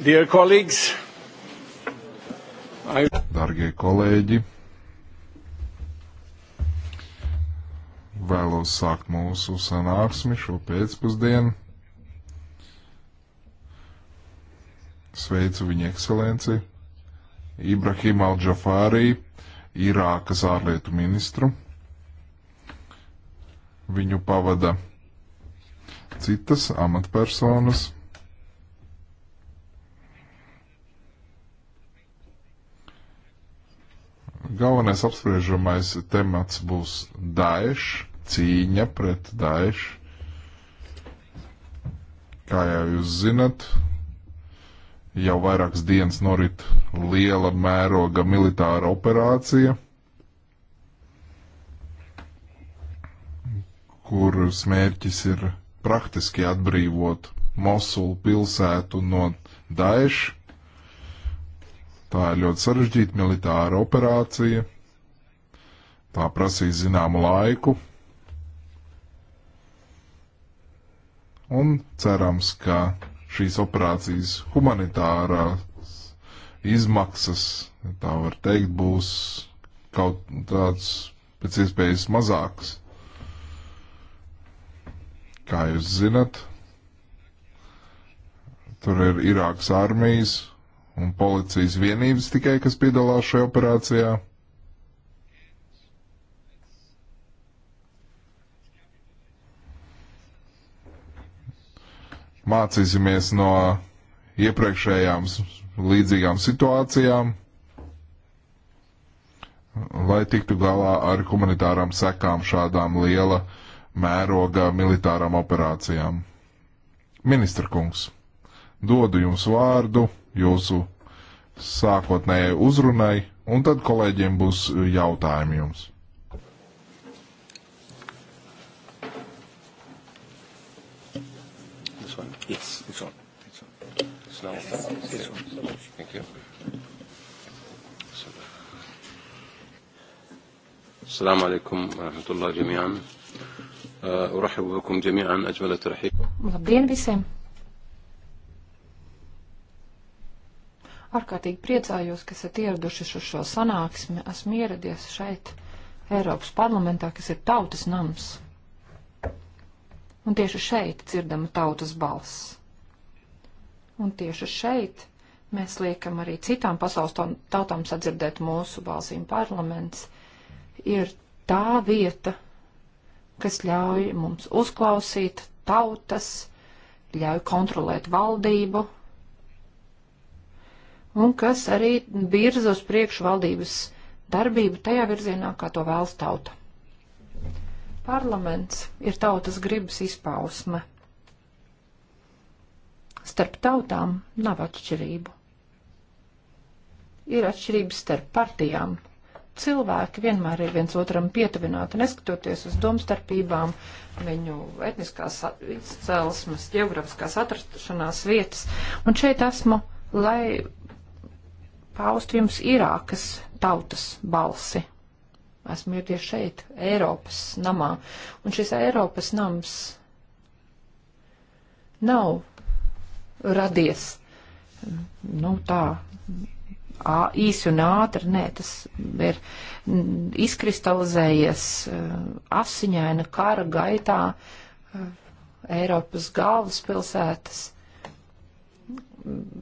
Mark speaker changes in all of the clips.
Speaker 1: Dear colleagues, I... Dargie kolēģi, vēlos sākt mūsu sanāksmi šo pēcpusdienu. Sveicu viņa ekscelenci Ibrahim Al-Džafārī, Irākas ārlietu ministru. Viņu pavada citas amatpersonas. galvenais apspriežamais temats būs Daesh, cīņa pret Daesh. Kā jau jūs zinat, jau vairākas dienas norit liela mēroga militāra operācija, kuras mērķis ir praktiski atbrīvot Mosulu pilsētu no Daesh Tā ir ļoti sarežģīta militāra operācija. Tā prasīs zināmu laiku. Un cerams, ka šīs operācijas humanitārā izmaksas, tā var teikt, būs kaut tāds pēc iespējas mazāks. Kā jūs zinat, tur ir Irākas armijas un policijas vienības tikai, kas piedalās šajā operācijā. Mācīsimies no iepriekšējām līdzīgām situācijām, lai tiktu galā ar humanitārām sekām šādām liela mēroga militārām operācijām. Ministra kungs, dodu jums vārdu jūsu sākotnējai uzrunai, un tad kolēģiem būs e, jautājumi jums. Yes, it's on. It's on. It's now yes. on. It's on. Thank you.
Speaker 2: السلام عليكم ورحمة الله جميعا أرحب بكم جميعا أجمل الترحيب
Speaker 3: Labdien visiem! Ārkārtīgi priecājos, ka esat ieradušies uz šo sanāksmi. Esmu ieradies šeit, Eiropas parlamentā, kas ir tautas nams. Un tieši šeit dzirdama tautas balss. Un tieši šeit mēs liekam arī citām pasaules tautām sadzirdēt mūsu balsīm. Parlaments ir tā vieta, kas ļauj mums uzklausīt tautas, ļauj kontrolēt valdību, un kas arī virza uz priekšu valdības darbību tajā virzienā, kā to vēlas tauta. Parlaments ir tautas gribas izpausme. Starp tautām nav atšķirību. Ir atšķirības starp partijām. Cilvēki vienmēr ir viens otram pietuvināti, neskatoties uz domstarpībām, viņu etniskās izcelsmes, geogrāfiskās atrašanās vietas. Un šeit esmu, lai paust jums Irākas tautas balsi. Esmu jau tieši šeit, Eiropas namā. Un šis Eiropas nams nav radies, nu tā, īsi un ātri, nē, tas ir izkristalizējies asiņaina kara gaitā Eiropas galvaspilsētas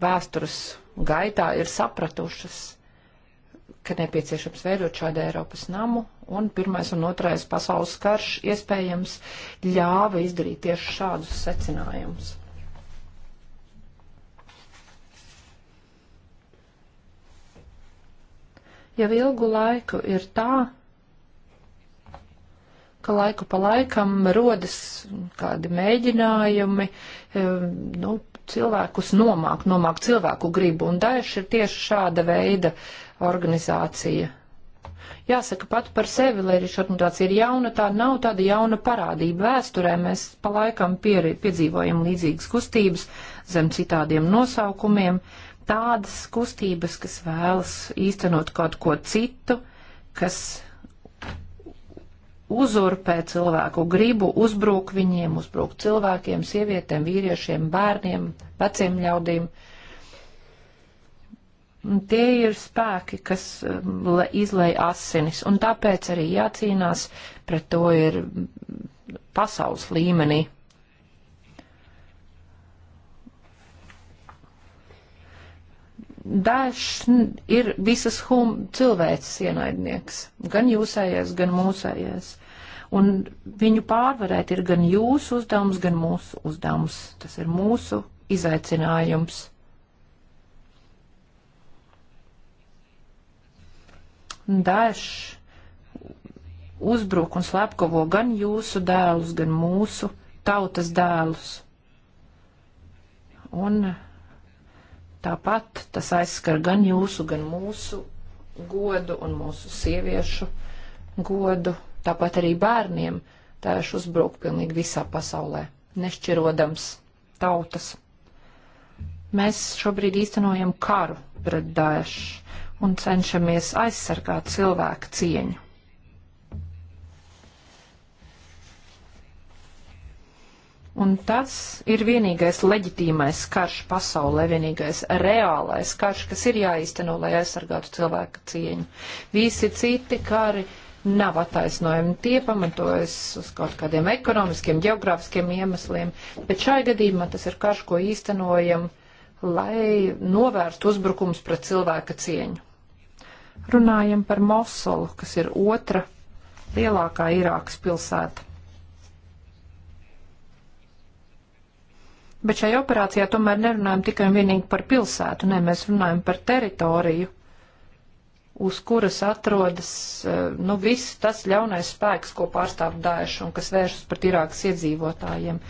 Speaker 3: vēstures gaitā ir sapratušas, ka nepieciešams veidot šādu Eiropas namu, un pirmais un otrais pasaules karš iespējams ļāva izdarīt tieši šādus secinājumus. Jau ilgu laiku ir tā, ka laiku pa laikam rodas kādi mēģinājumi, eh, nu, cilvēkus nomāk, nomāk cilvēku gribu, un Daesh ir tieši šāda veida organizācija. Jāsaka pat par sevi, lai arī šī organizācija ir jauna, tā nav tāda jauna parādība vēsturē. Mēs pa laikam pieri, piedzīvojam līdzīgas kustības zem citādiem nosaukumiem, tādas kustības, kas vēlas īstenot kaut ko citu, kas uzurpē cilvēku gribu, uzbrūk viņiem, uzbrūk cilvēkiem, sievietēm, vīriešiem, bērniem, veciem ļaudīm. Tie ir spēki, kas um, izlai asinis, un tāpēc arī jācīnās pret to ir pasaules līmenī. Dažs ir visas hum cilvēces ienaidnieks, gan jūsējais, gan mūsējais un viņu pārvarēt ir gan jūsu uzdevums, gan mūsu uzdevums. Tas ir mūsu izaicinājums. Dažs uzbruk un slepkavo gan jūsu dēlus, gan mūsu tautas dēlus. Un tāpat tas aizskar gan jūsu, gan mūsu godu un mūsu sieviešu godu Tāpat arī bērniem tērš uzbruk pilnīgi visā pasaulē, nešķirodams tautas. Mēs šobrīd īstenojam karu pret Daešu un cenšamies aizsargāt cilvēku cieņu. Un tas ir vienīgais leģitīmais karš pasaulē, vienīgais reālais karš, kas ir jāīsteno, lai aizsargātu cilvēku cieņu. Visi citi kari. Ka nav attaisnojami. Tie pamatojas uz kaut kādiem ekonomiskiem, geogrāfiskiem iemesliem, bet šai gadījumā tas ir karš, ko īstenojam, lai novērstu uzbrukums pret cilvēka cieņu. Runājam par Mosulu, kas ir otra lielākā Irākas pilsēta. Bet šajā operācijā tomēr nerunājam tikai un vienīgi par pilsētu, nē, mēs runājam par teritoriju uz kuras atrodas eh, nu, viss tas ļaunais spēks, ko pārstāv Daesh un kas vēršas pret Irākas iedzīvotājiem,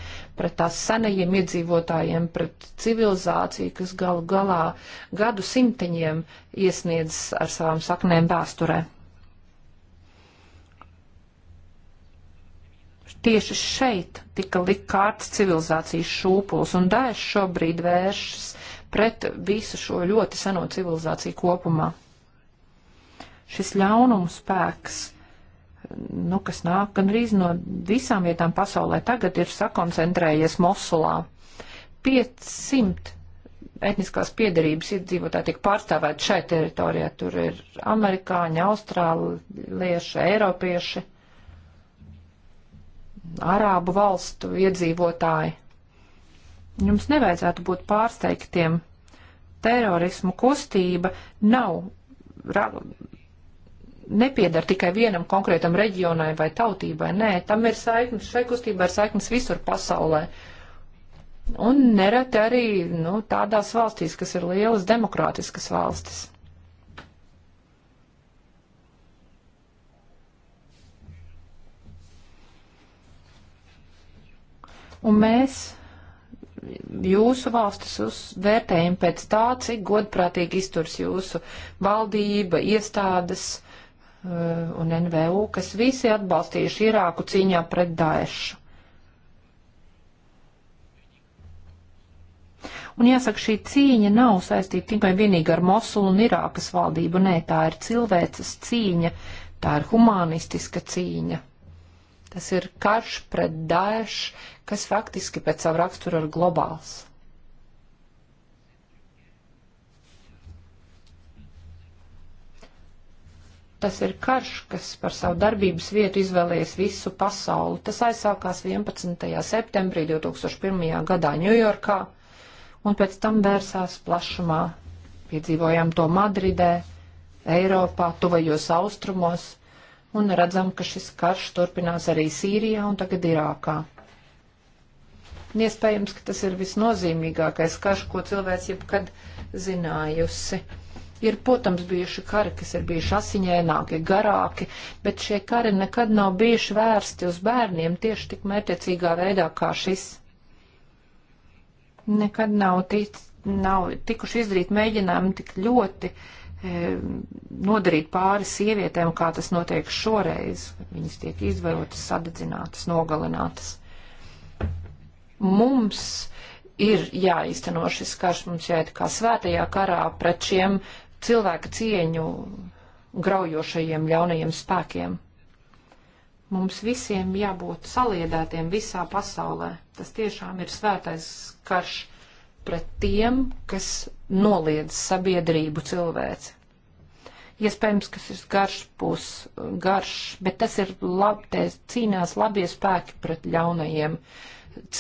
Speaker 3: pret tās senajiem iedzīvotājiem, pret civilizāciju, kas galu galā gadu simteņiem iesniedz ar savām saknēm vēsturē. Tieši šeit tika likt kārtas civilizācijas šūpuls, un Daesh šobrīd vēršas pret visu šo ļoti seno civilizāciju kopumā šis ļaunums spēks, nu, kas nāk gandrīz no visām vietām pasaulē, tagad ir sakoncentrējies Mosulā. 500 etniskās piedarības iedzīvotāji tiek pārstāvēti šai teritorijā. Tur ir amerikāņi, austrālieši, eiropieši, arābu valstu iedzīvotāji. Jums nevajadzētu būt pārsteigtiem. Terorismu kustība nav ra nepiedara tikai vienam konkrētam reģionai vai tautībai. Nē, tam ir saiknes, šai kustībai ir saiknes visur pasaulē. Un nereti arī nu, tādās valstīs, kas ir lielas demokrātiskas valstis. Un mēs jūsu valstis uz vērtējumu pēc tā, cik godprātīgi izturs jūsu valdība, iestādes Eh, un NVU, kas visi atbalstījuši Irāku cīņā pret Daešu. Un jāsaka, šī cīņa nav saistīta tikai vienīgi ar Mosulu un Irākas valdību, nē, tā ir cilvēces cīņa, tā ir humanistiska cīņa. Tas ir karš pret Daešu, kas faktiski pēc savu raksturu ir globāls. Tas ir karš, kas par savu darbības vietu izvēlējies visu pasauli. Tas aizsākās 11. septembrī 2001. gadā Ņujorkā un pēc tam vērsās plašumā. Piedzīvojām to Madridē, Eiropā, tuvajos austrumos un redzam, ka šis karš turpinās arī Sīrijā un tagad Irākā. Un iespējams, ka tas ir visnozīmīgākais karš, ko cilvēks jebkad zinājusi. Ir, protams, bijuši kari, kas ir bijuši asiņaināki, garāki, bet šie kari nekad nav bijuši vērsti uz bērniem tieši tik mērķiecīgā veidā kā šis. Nekad nav, tic, nav tikuši izdarīt mēģinājumi tik ļoti e, nodarīt pāri sievietēm, kā tas notiek šoreiz. Viņas tiek izvarotas, sadedzinātas, nogalinātas. Mums ir jāizteno šis karš, mums jāiet kā svētajā karā pret šiem cilvēka cieņu graujošajiem ļaunajiem spēkiem. Mums visiem jābūt saliedētiem visā pasaulē. Tas tiešām ir svētais karš pret tiem, kas noliedz sabiedrību cilvēci. Iespējams, ja ka šis garš būs uh, garš, bet tas ir labi, te cīnās labie spēki pret ļaunajiem,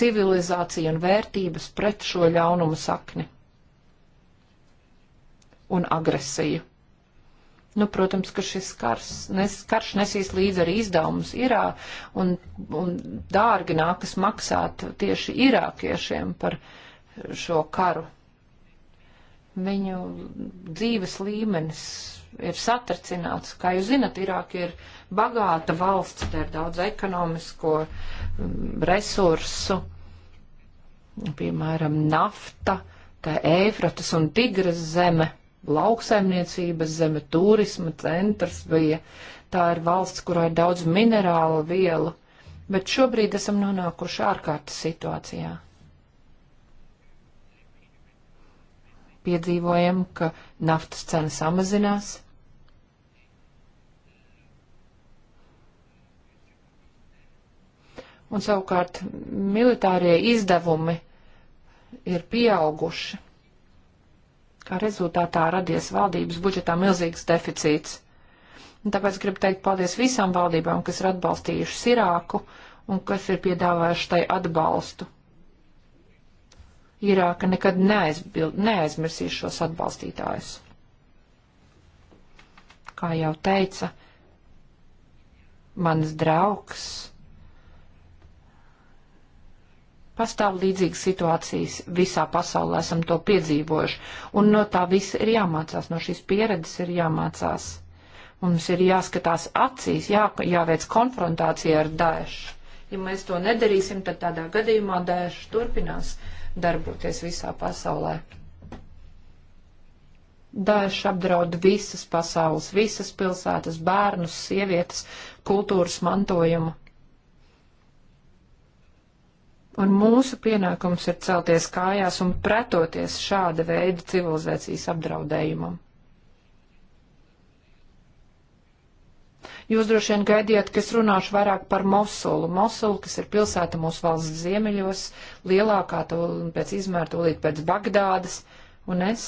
Speaker 3: civilizācija un vērtības pret šo ļaunumu sakni un agresiju. Nu, protams, ka šis kars, nes, karš nesīs līdzi arī izdevumus Irā, un, un dārgi nākas maksāt tieši irākiešiem par šo karu. Viņu dzīves līmenis ir satricināts. Kā jūs zinat, Irāka ir bagāta valsts, tā ir daudz ekonomisko mm, resursu, piemēram, nafta, tā Ēfratas un Tigras zeme lauksaimniecības zeme, turisma centrs bija. Tā ir valsts, kurā ir daudz minerālu vielu, bet šobrīd esam nonākuši ārkārtas situācijā. Piedzīvojam, ka naftas cena samazinās. Un savukārt militārie izdevumi ir pieauguši kā rezultātā radies valdības budžetā milzīgs deficīts. Un tāpēc gribu teikt paldies visām valdībām, kas ir atbalstījušas Irāku un kas ir piedāvājuši tai atbalstu. Irāka nekad neaizbild, neaizmirsīs šos atbalstītājus. Kā jau teica, mans draugs Pastāv līdzīgas situācijas visā pasaulē, esam to piedzīvojuši, un no tā visa ir jāmācās, no šīs pieredzes ir jāmācās. Mums ir jāskatās acīs, jā, jāveic konfrontācija ar Daešu. Ja mēs to nedarīsim, tad tādā gadījumā Daesh turpinās darboties visā pasaulē. Daesh apdraud visas pasaules, visas pilsētas, bērnus, sievietes, kultūras mantojumu. Un mūsu pienākums ir celties kājās un pretoties šāda veida civilizācijas apdraudējumam. Jūs droši vien gaidījāt, ka es runāšu vairāk par Mosulu. Mosulu, kas ir pilsēta mūsu valsts ziemeļos, lielākā to pēc izmēra tūlīt pēc Bagdādas. Un es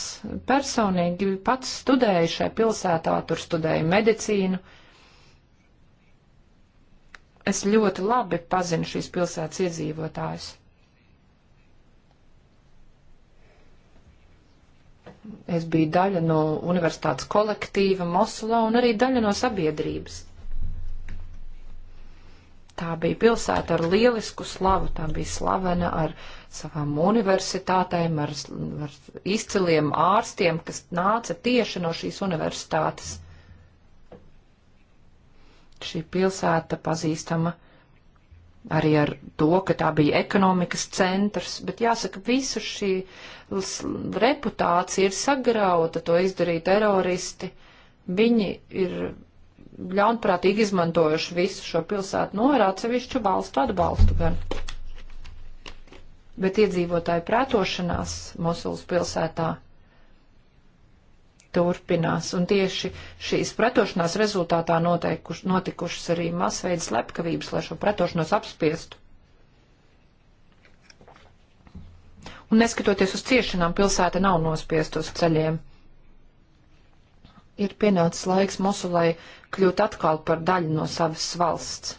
Speaker 3: personīgi pats studēju šai pilsētā, tur studēju medicīnu, uh, Es ļoti labi pazinu šīs pilsētas iedzīvotājus. Es biju daļa no universitātes kolektīva Mosulā un arī daļa no sabiedrības. Tā bija pilsēta ar lielisku slavu, tā bija slavena ar savām universitātēm, ar, ar izciliem ārstiem, kas nāca tieši no šīs universitātes. Šī pilsēta pazīstama arī ar to, ka tā bija ekonomikas centrs, bet jāsaka, visa šī reputācija ir sagrauta, to izdarīja teroristi. Viņi ir ļaunprātīgi izmantojuši visu šo pilsētu, no ar atsevišķu valstu atbalstu gan. Bet iedzīvotāju prētošanās Mosulas pilsētā turpinās. Un tieši šīs pretošanās rezultātā noteikuš, notikušas arī masveida slepkavības, lai šo pretošanos apspiestu. Un neskatoties uz ciešanām, pilsēta nav nospiest uz ceļiem. Ir pienācis laiks Mosulai kļūt atkal par daļu no savas valsts.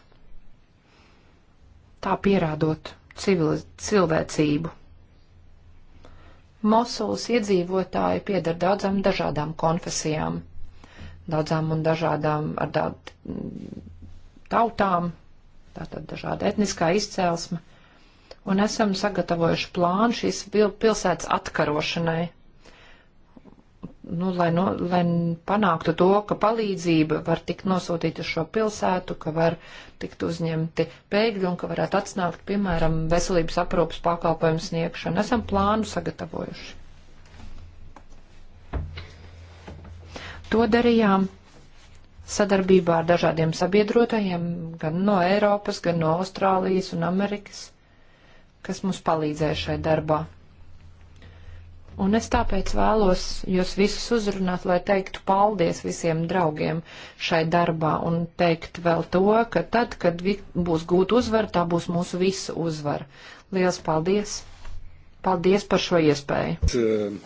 Speaker 3: Tā pierādot civili, cilvēcību. Mosulas iedzīvotāji piedar daudzām dažādām konfesijām, daudzām un dažādām ar daud mm, tautām, tātad dažāda etniskā izcēlesme, un esam sagatavojuši plānu šīs pilsētas atkarošanai nu, lai, no, lai panāktu to, ka palīdzība var tikt nosūtīta uz šo pilsētu, ka var tikt uzņemti bēgļi un ka varētu atsnākt, piemēram, veselības aprūpas pakalpojumu sniegšanu. Esam plānu sagatavojuši. To darījām sadarbībā ar dažādiem sabiedrotajiem, gan no Eiropas, gan no Austrālijas un Amerikas, kas mums palīdzēja šai darbā. Un es tāpēc vēlos jūs visus uzrunāt, lai teiktu paldies visiem draugiem šai darbā un teikt vēl to, ka tad, kad būs gūta uzvara, tā būs mūsu visu uzvara. Lielas paldies! Paldies par šo iespēju!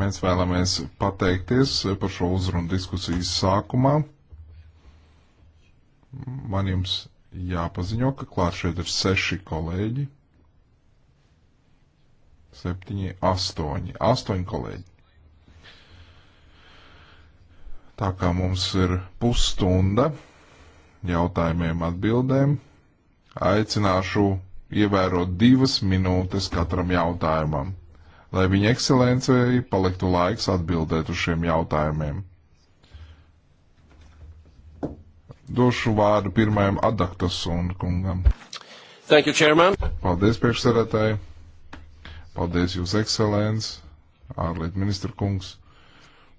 Speaker 1: Mēs vēlamies pateikties par šo uzrunu diskusijas sākumā. Man jums jāpaziņo, ka klāt šeit ir seši kolēģi septiņi, astoņi. Astoņi kolēģi. Tā kā mums ir pusstunda jautājumiem atbildēm, aicināšu ievērot divas minūtes katram jautājumam, lai viņa ekscelencei paliktu laiks atbildēt uz šiem jautājumiem. Došu vārdu pirmajam Adaktas un kungam. Thank you, Chairman. Paldies, priekšsēdētāji. Paldies jūs, ekscelents, ārlietu ministra kungs,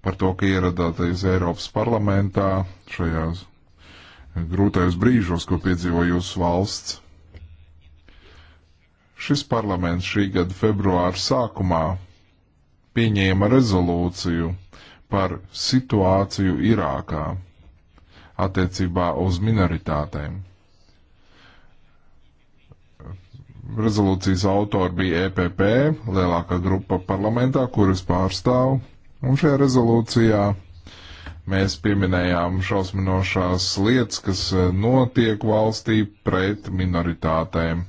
Speaker 1: par to, ka ieradāties Eiropas parlamentā šajās grūtajos brīžos, ko piedzīvo jūsu valsts. Šis parlaments šī gada februāra sākumā pieņēma rezolūciju par situāciju Irākā attiecībā uz minoritātēm. Rezolūcijas autori bija EPP, lielākā grupa parlamentā, kuras pārstāv, un šajā rezolūcijā mēs pieminējām šausminošās lietas, kas e, notiek valstī pret minoritātēm,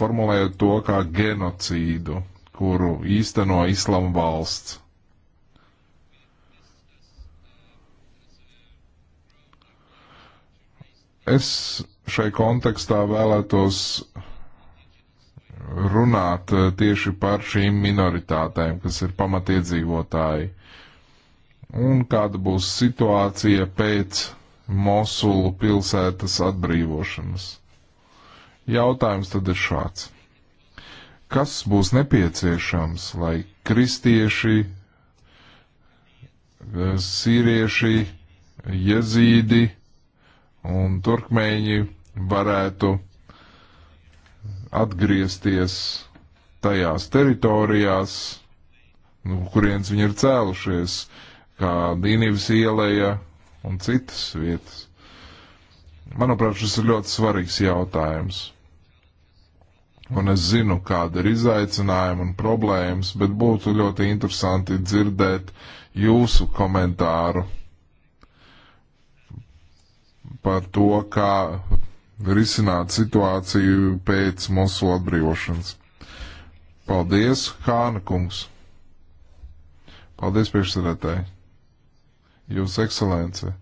Speaker 1: formulējot to kā genocīdu, kuru īsteno islama valsts. Es šai kontekstā vēlētos runāt eh, tieši par šīm minoritātēm, kas ir pamatiedzīvotāji. Un kāda būs situācija pēc Mosulu pilsētas atbrīvošanas? Jautājums tad ir šāds. Kas būs nepieciešams, lai kristieši, eh, sīrieši, jezīdi un turkmēņi varētu atgriezties tajās teritorijās, nu, kurienes viņi ir cēlušies, kā Dīnības ieleja un citas vietas. Manuprāt, šis ir ļoti svarīgs jautājums. Un es zinu, kāda ir izaicinājuma un problēmas, bet būtu ļoti interesanti dzirdēt jūsu komentāru par to, kā risināt situāciju pēc mūsu atbrīvošanas. Paldies, Hāna kungs! Paldies, priekšsēdētāji! Jūs ekscelence!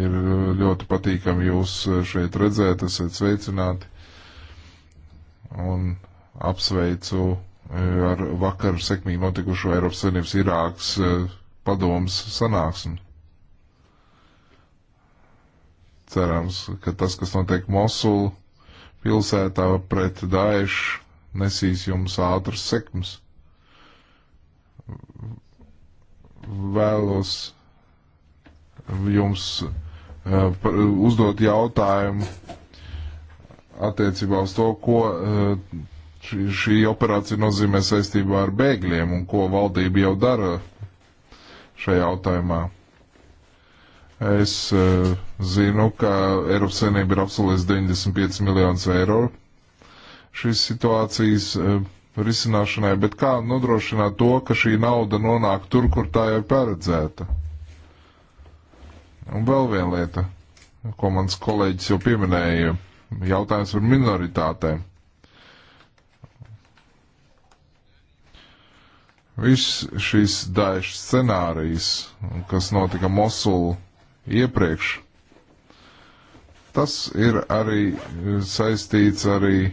Speaker 1: Ir ļoti patīkami jūs šeit redzēt, esat sveicināti un apsveicu ar vakar sekmīgi notikušo Eiropas Savienības Irāks eh, padomas sanāksmi. Cerams, ka tas, kas notiek Mosulu pilsētā pret Daešu, nesīs jums ātras sekmes. Vēlos jums uh, uzdot jautājumu attiecībā uz to, ko uh, šī, šī operācija nozīmē saistībā ar bēgļiem un ko valdība jau dara šajā jautājumā. Es eh, zinu, ka Eiropas Savienība ir apsolījusi 95 miljonus eiro šīs situācijas eh, risināšanai, bet kā nodrošināt to, ka šī nauda nonāk tur, kur tā jau paredzēta? Un vēl viena lieta, ko mans kolēģis jau pieminēja, jautājums par minoritātēm. Viss šis daļš scenārijs, kas notika Mosulu iepriekš. Tas ir arī eh, saistīts arī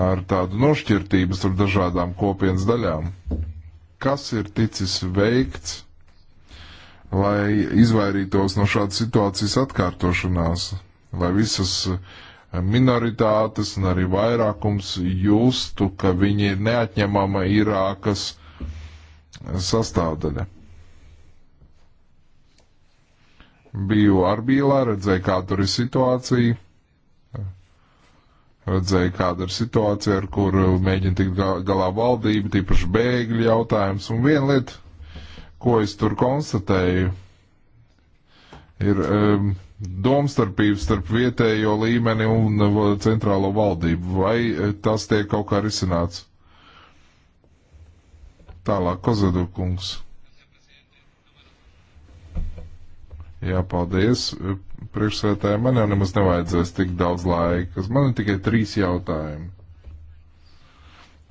Speaker 1: ar tādu nošķirtību starp dažādām kopienas daļām. Kas ir ticis veikts, lai izvairītos no šādas situācijas atkārtošanās, lai visas eh, minoritātes un arī vairākums justu, ka viņi ir neatņemama Irākas eh, sastāvdaļa? Biju Arbīlā, redzēju, kā tur ir situācija. Redzēju, kāda ir situācija, ar kur mēģina tikt galā valdība, tīpaši bēgļu jautājums. Un viena lieta, ko es tur konstatēju, ir um, domstarpības starp vietējo līmeni un uh, centrālo valdību. Vai uh, tas tiek kaut kā risināts? Tālāk, Kozadukungs. kungs. Jā, paldies. Priekšsētāji, man jau nemaz nevajadzēs tik daudz laika. Man ir tikai trīs jautājumi.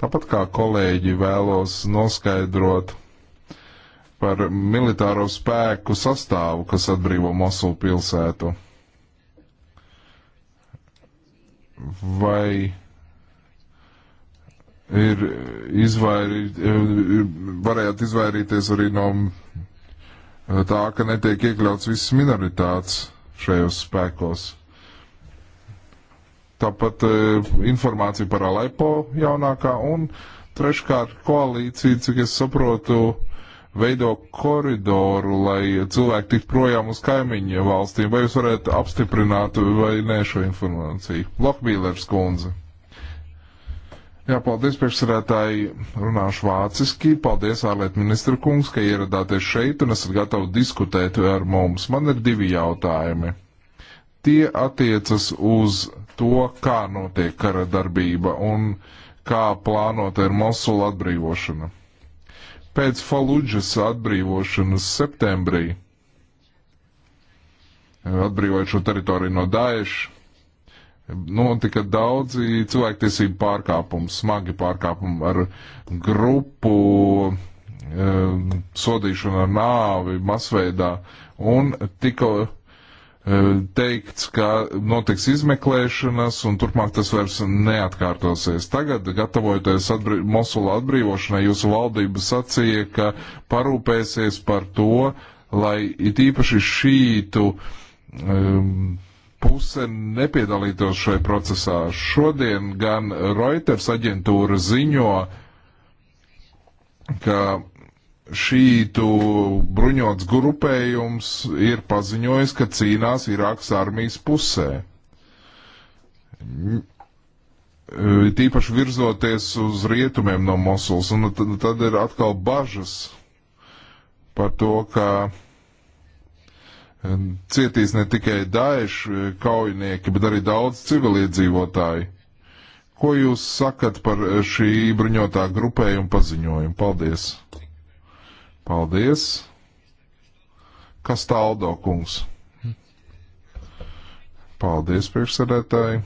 Speaker 1: Tāpat kā kolēģi vēlos noskaidrot par militāro spēku sastāvu, kas atbrīvo Mosulu pilsētu. Vai ir izvairīt, varējāt izvairīties arī no tā, ka netiek iekļauts visas minoritātes šajos spēkos. Tāpat e, informācija par Alepo jaunākā un treškārt koalīcija, cik es saprotu, veido koridoru, lai cilvēki tiktu projām uz kaimiņu valstīm. Vai jūs varētu apstiprināt vai nē šo informāciju? Lokbīlers kundze. Jā, paldies priekšsarētāji, runāšu vāciski. Paldies, ārlietu ministra kungs, ka ieradāties šeit un esat gatavi diskutēt ar mums. Man ir divi jautājumi. Tie attiecas uz to, kā notiek kara darbība un kā plānota ir Mosula atbrīvošana. Pēc Faludžas atbrīvošanas septembrī, atbrīvojot šo teritoriju no Daeša, notika daudzi cilvēktiesību pārkāpumi, smagi pārkāpumi ar grupu um, sodīšanu ar nāvi masveidā un tika eh, teikts, ka notiks izmeklēšanas un turpmāk tas vairs neatkārtosies. Tagad, gatavojoties atbrī Mosula atbrīvošanai, jūsu valdība sacīja, ka parūpēsies par to, lai it īpaši šītu um, puse nepiedalītos šai procesā. Šodien gan Reuters aģentūra ziņo, ka šītu bruņots grupējums ir paziņojis, ka cīnās Irākas armijas pusē. E, tīpaši virzoties uz rietumiem no Mosuls, un tad ir atkal bažas par to, ka cietīs ne tikai daešu e, kaujinieki, bet arī daudz civiliedzīvotāji. Ko jūs sakat par e, šī bruņotā grupējuma paziņojumu? Paldies! Paldies! Kas tāldo, kungs? Paldies, priekšsēdētāji!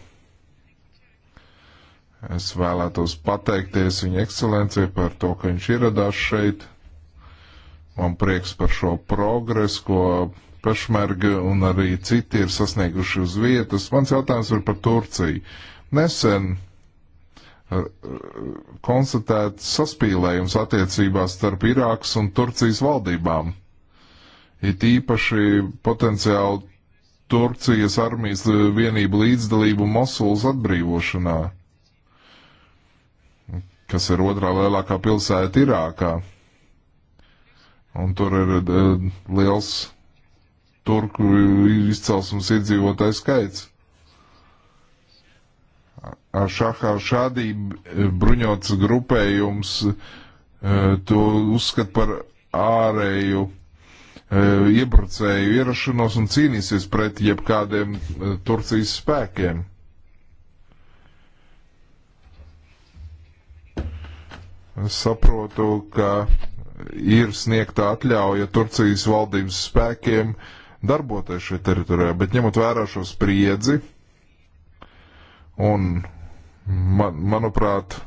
Speaker 1: Es vēlētos pateikties viņa ekscelencei par to, ka viņš ieradās šeit. Man prieks par šo progresu, ko Pešmerga un arī citi ir sasnieguši uz vietas. Mans jautājums ir par Turciju. Nesen uh, konstatēts saspīlējums attiecībās starp Irākas un Turcijas valdībām. It īpaši potenciāli Turcijas armijas vienību līdzdalību Mosulas atbrīvošanā, kas ir otrā lielākā pilsēta Irākā. Un tur ir uh, liels turku izcelsmes iedzīvotāju skaits. Ar šahā šādī bruņots grupējums e, to uzskat par ārēju e, iebrucēju ierašanos un cīnīsies pret jebkādiem e, Turcijas spēkiem. Es saprotu, ka ir sniegta atļauja Turcijas valdības spēkiem uh, darboties šajā teritorijā, bet ņemot vērā šo spriedzi un, man, manuprāt,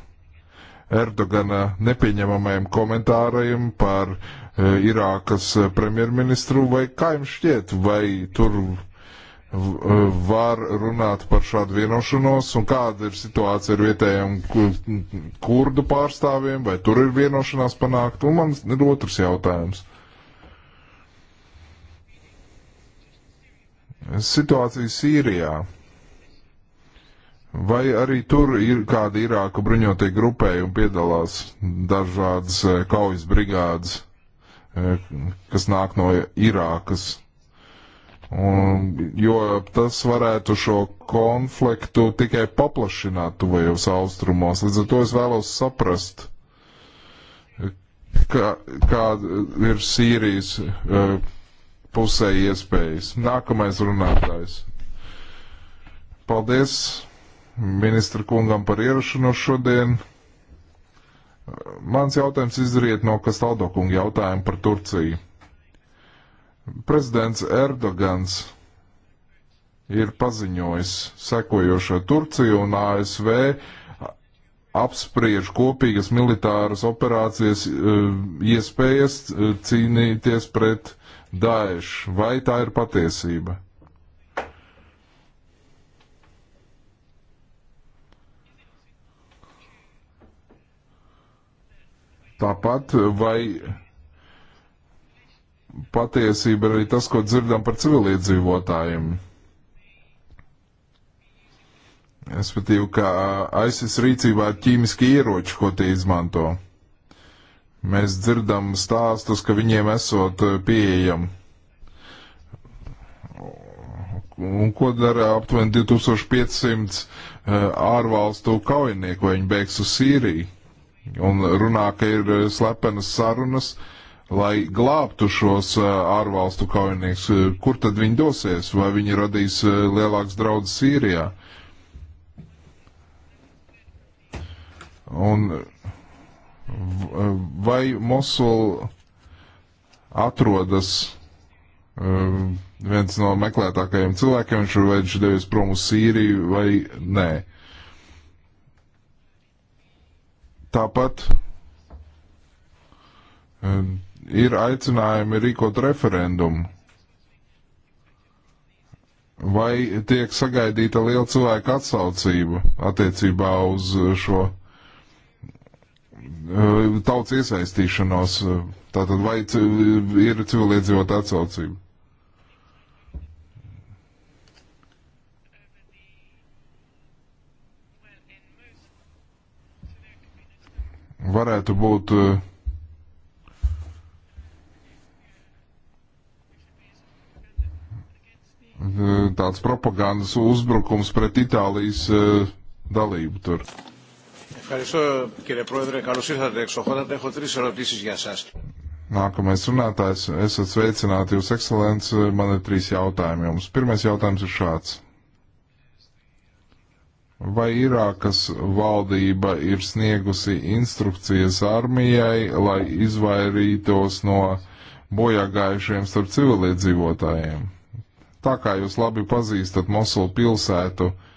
Speaker 1: Erdogana nepieņemamajiem komentāriem par uh, Irākas e, premjerministru, vai kā jums šķiet, vai tur e, var runāt par šādu vienošanos, un kāda ir situācija ar vietējiem kurdu pārstāvjiem, vai tur ir vienošanās panākt, un man ir otrs jautājums. Situācija Sīrijā. Vai arī tur ir kādi Irāku bruņotie grupējumi piedalās dažādas eh, kaujas brigādes, eh, kas nāk no Irākas? Un, jo tas varētu šo konfliktu tikai paplašināt tuvajos austrumos. Līdz ar to es vēlos saprast, eh, kāda kā ir Sīrijas uh, pusē iespējas. Nākamais runātājs. Paldies ministra kungam par ierašanos šodien. Mans jautājums izriet no Kastaldo kunga jautājuma par Turciju. Prezidents Erdogans ir paziņojis sekojošo Turciju un ASV apspriež kopīgas militāras operācijas eh, iespējas eh, cīnīties pret Daesh. Vai tā ir patiesība? Tāpat vai patiesība ir arī tas, ko dzirdam par civiliedzīvotājiem? Respektīvi, ka ISIS rīcībā ir ķīmiski ieroči, ko tie izmanto. Mēs dzirdam stāstus, ka viņiem esot eh, pieejami. Un ko dara aptuveni 2500 eh, ārvalstu kaujinieku, vai viņi bēgs uz Sīriju? Un runā, ka ir eh, slepenas sarunas, lai glābtu šos ārvalstu kaujiniekus. Kur tad viņi dosies? Vai viņi radīs lielāks draudz Sīrijā? Un Vai Mosul atrodas eh, viens no meklētākajiem cilvēkiem, viņš vai viņš devies prom uz Sīriju vai nē. Tāpat eh, ir aicinājumi rīkot referendumu. Vai tiek sagaidīta liela cilvēka atsaucība attiecībā uz šo Eh, tautas iesaistīšanos, eh, tātad vai ir civiliedzīvot atsaucību? Varētu būt eh, tāds propagandas uzbrukums pret Itālijas dalību tur. Ευχαριστώ κύριε Πρόεδρε. Καλώς ήρθατε εξοχότατε. Έχω τρεις ερωτήσεις για σας. Nākamais runātājs, esat sveicināti, jūs ekscelents, man ir trīs jautājumi jums. Pirmais jautājums ir šāds. Vai Irākas valdība ir sniegusi instrukcijas armijai, lai izvairītos no bojāgājušiem starp civiliedzīvotājiem? Tā kā jūs labi pazīstat Mosulu pilsētu, uh,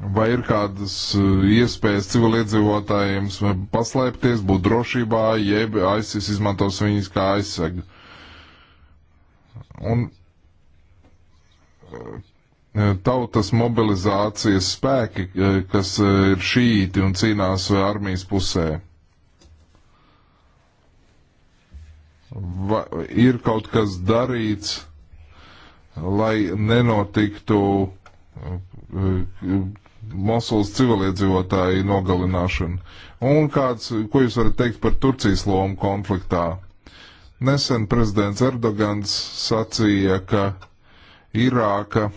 Speaker 1: Vai ir kādas uh, iespējas civiliedzīvotājiem paslēpties, būt drošībā, jeb ISIS izmantos viņus kā aizsegu? Un uh, tautas mobilizācijas spēki, uh, kas ir šīti un cīnās armijas pusē. Va, ir kaut kas darīts, lai nenotiktu Mosulas civiliedzīvotāju nogalināšanu. Un kāds, ko jūs varat teikt par Turcijas lomu konfliktā? Nesen prezidents Erdogans sacīja, ka Irāka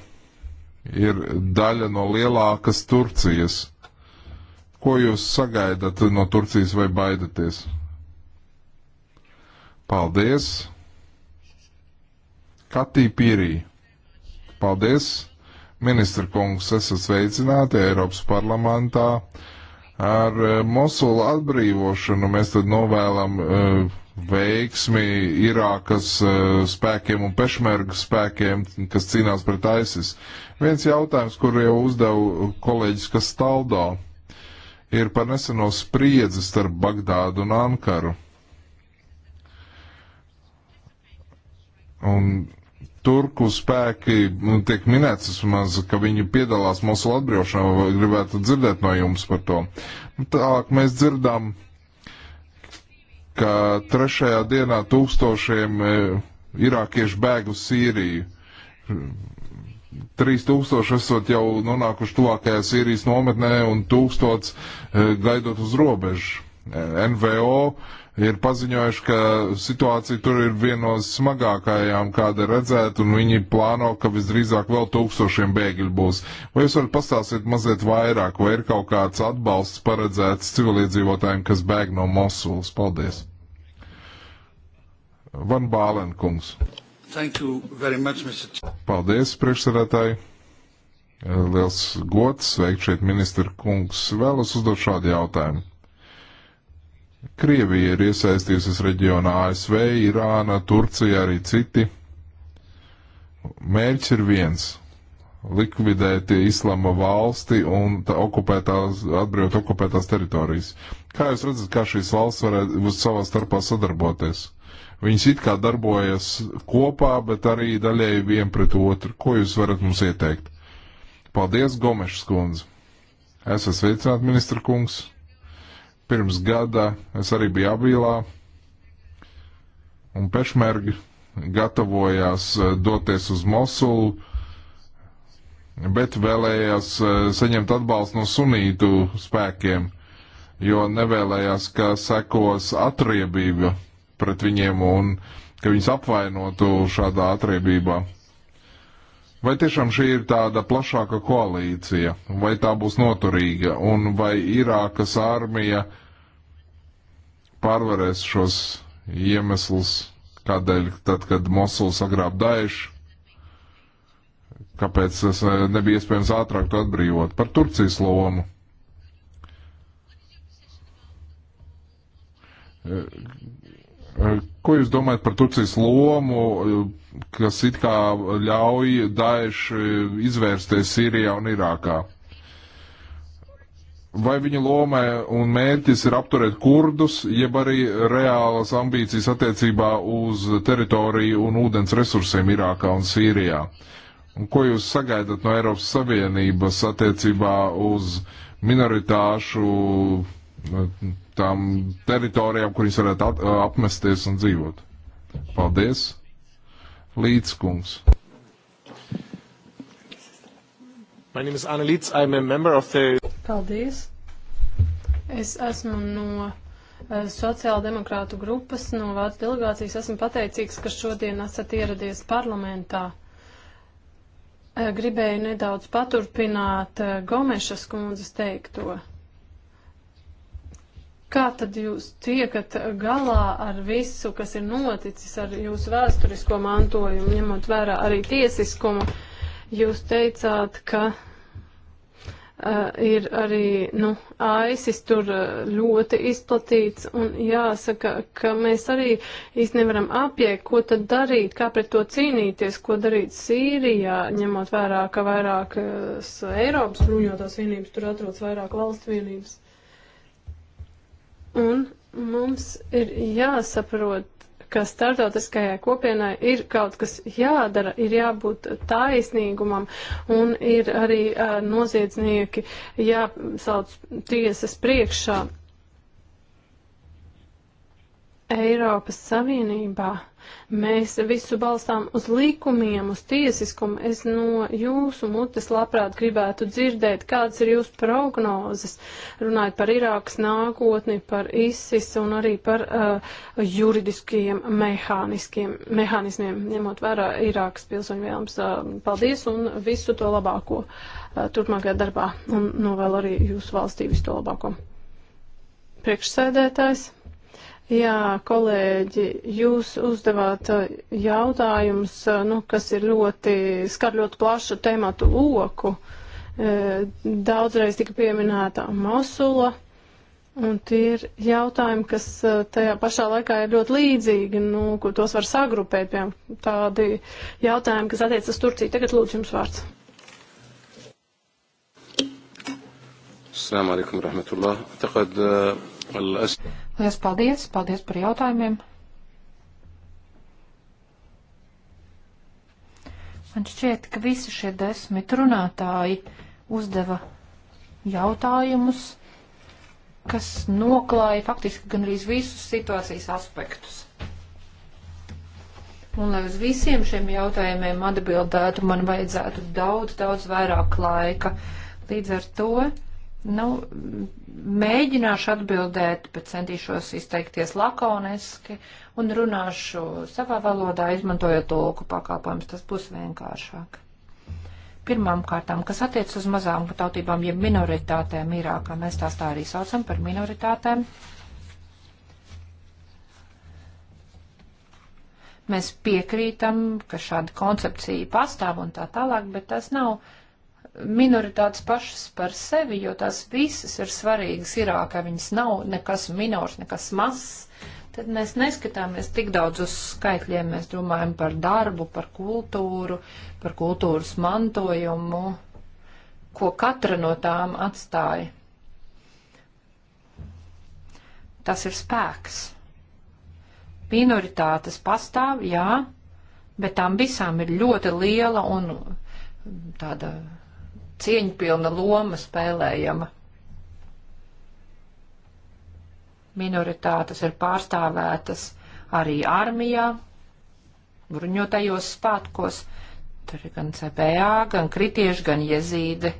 Speaker 1: ir daļa no lielākas Turcijas. Ko jūs sagaidat no Turcijas vai baidaties? Paldies! Katī Pirī. Paldies! Ministra kungs, esat sveicināti Eiropas parlamentā. Ar eh, Mosulu atbrīvošanu mēs tad novēlam uh, veiksmi Irākas uh, spēkiem un pešmerga spēkiem, kas cīnās pret ISIS. Viens jautājums, kur jau uzdev kolēģis Kastaldo, ir par neseno spriedzi starp Bagdādu un Ankaru. Un turku spēki nu, tiek minēts, vismaz, ka viņi piedalās mūsu atbrīvošanā, gribētu dzirdēt no jums par to. Nu, tālāk mēs dzirdām, ka trešajā dienā tūkstošiem e, irākiešu bēg uz Sīriju. 3000 esot jau nonākuši tuvākajā Sīrijas nometnē un 1000 e, gaidot uz robežu. E, NVO ir paziņojuši, ka situācija tur ir viena no smagākajām, kāda redzēt, un viņi plāno, ka visdrīzāk vēl tūkstošiem bēgļu būs. Vai jūs varat pastāstīt mazliet vairāk, vai ir kaut kāds atbalsts paredzēts civiliedzīvotājiem, kas bēg no Mosulas? Paldies! Van Bālenkungs.
Speaker 2: Much,
Speaker 1: Paldies, priekšsēdētāji! Liels gods sveikt šeit ministru kungs. Vēlos uzdot šādu jautājumu Krievija ir iesaistījusies reģionā ASV, Irāna, Turcija, arī citi. Mērķis ir viens - likvidēt islama valsti un okupētās, atbrīvot okupētās teritorijas. Kā jūs redzat, kā šīs valsts varētu uz savā starpā sadarboties? Viņas it kā darbojas kopā, bet arī daļēji vien pret otru. Ko jūs varat mums ieteikt? Paldies, Gomešs kundze! Es esmu sveicināts, ministra kungs! Pirms gada es arī biju Abīlā, un Pešmergi gatavojās eh, doties uz Mosulu, bet vēlējās eh, saņemt atbalstu no sunītu spēkiem, jo nevēlējās, ka sekos atriebība pret viņiem un ka viņus apvainotu šādā atriebībā. Vai tiešām šī ir tāda plašāka koalīcija, vai tā būs noturīga, un vai Irākas armija pārvarēs šos iemeslus, kādēļ tad, kad Mosulu sagrāb Daesh, kāpēc tas eh, nebija iespējams ātrāk to atbrīvot par Turcijas lomu? Eh, eh, Ko jūs domājat par Turcijas lomu, kas it kā ļauj Daešu izvērsties Sīrijā un Irākā? Vai viņa loma un mērķis ir apturēt kurdus, jeb arī reālas ambīcijas attiecībā uz teritoriju un ūdens resursiem Irākā un Sīrijā? Un ko jūs sagaidat no Eiropas Savienības attiecībā uz minoritāšu tām teritorijām, kur viņas varētu apmesties un dzīvot. Paldies! Līdzkungs. My name is Anna Līdz, I'm a member of the...
Speaker 2: Paldies! Es esmu no sociāldemokrātu grupas, no Vācu delegācijas. Esmu pateicīgs, ka šodien esat ieradies parlamentā. Gribēju nedaudz paturpināt Gomešas kundzes teikto. Kā tad jūs tiekat galā ar visu, kas ir noticis ar jūsu vēsturisko mantojumu, ņemot vērā arī tiesiskumu? Jūs teicāt, ka uh, ir arī, nu, aisis tur uh, ļoti izplatīts, un jāsaka, ka mēs arī īsti nevaram apiekt, ko tad darīt, kā pret to cīnīties, ko darīt Sīrijā, ņemot vērā, ka vairākas Eiropas bruņotās vienības tur atrodas vairāk valstu vienības. Un mums ir jāsaprot, ka startautiskajai kopienai ir kaut kas jādara, ir jābūt taisnīgumam un ir arī uh, noziedznieki jāsauc tiesas priekšā Eiropas Savienībā. Mēs visu balstām uz likumiem, uz tiesiskumu. Es no jūsu mutes labprāt gribētu dzirdēt, kādas ir jūsu prognozes, runājot par Irākas nākotni, par ISIS un arī par uh, juridiskiem mehānismiem, ņemot vērā Irākas pilsoņu vēlams. Uh, paldies un visu to labāko uh, turpmākajā darbā un novēl arī jūsu valstī visu to labāko. Priekšsēdētājs. Jā, kolēģi, jūs uzdevāt uh, jautājumus, uh, nu, kas ir ļoti, skar ļoti plašu tematu loku. Uh, daudzreiz tika pieminēta Mosula, un tie ir jautājumi, kas tajā pašā laikā ir ļoti līdzīgi, nu, ko tos var sagrupēt, piemēram, tādi jautājumi, kas attiecas Turciju. Tagad lūdzu jums vārds. السلام عليكم ورحمة الله أعتقد الأسئلة
Speaker 3: Lielas paldies! Paldies par jautājumiem! Man šķiet, ka visi šie desmit runātāji uzdeva jautājumus, kas noklāja faktiski gandrīz visus situācijas aspektus. Un, lai uz visiem šiem jautājumiem atbildētu, man vajadzētu daudz, daudz vairāk laika. Līdz ar to Nu, mēģināšu atbildēt, bet centīšos izteikties lakoniski un runāšu savā valodā, izmantojot tulku pakalpojumus. Tas būs vienkāršāk. Pirmām kārtām, kas attiec uz mazām tautībām, jeb ja minoritātēm Irākā, mēs tās tā arī saucam par minoritātēm. Mēs piekrītam, ka šāda koncepcija pastāv un tā tālāk, bet tas nav minoritātes pašas par sevi, jo tās visas ir svarīgas Irākā, viņas nav nekas minors, nekas mazs, tad mēs neskatāmies tik daudz uz skaitļiem, mēs domājam par darbu, par kultūru, par kultūras mantojumu, ko katra no tām atstāja. Tas ir spēks. Minoritātes pastāv, jā, bet tām visām ir ļoti liela un tāda cieņpilna loma spēlējama. Minoritātes ir pārstāvētas arī armijā, bruņotajos spēkos, tur ir gan CBA, gan kritieši, gan jezīdi.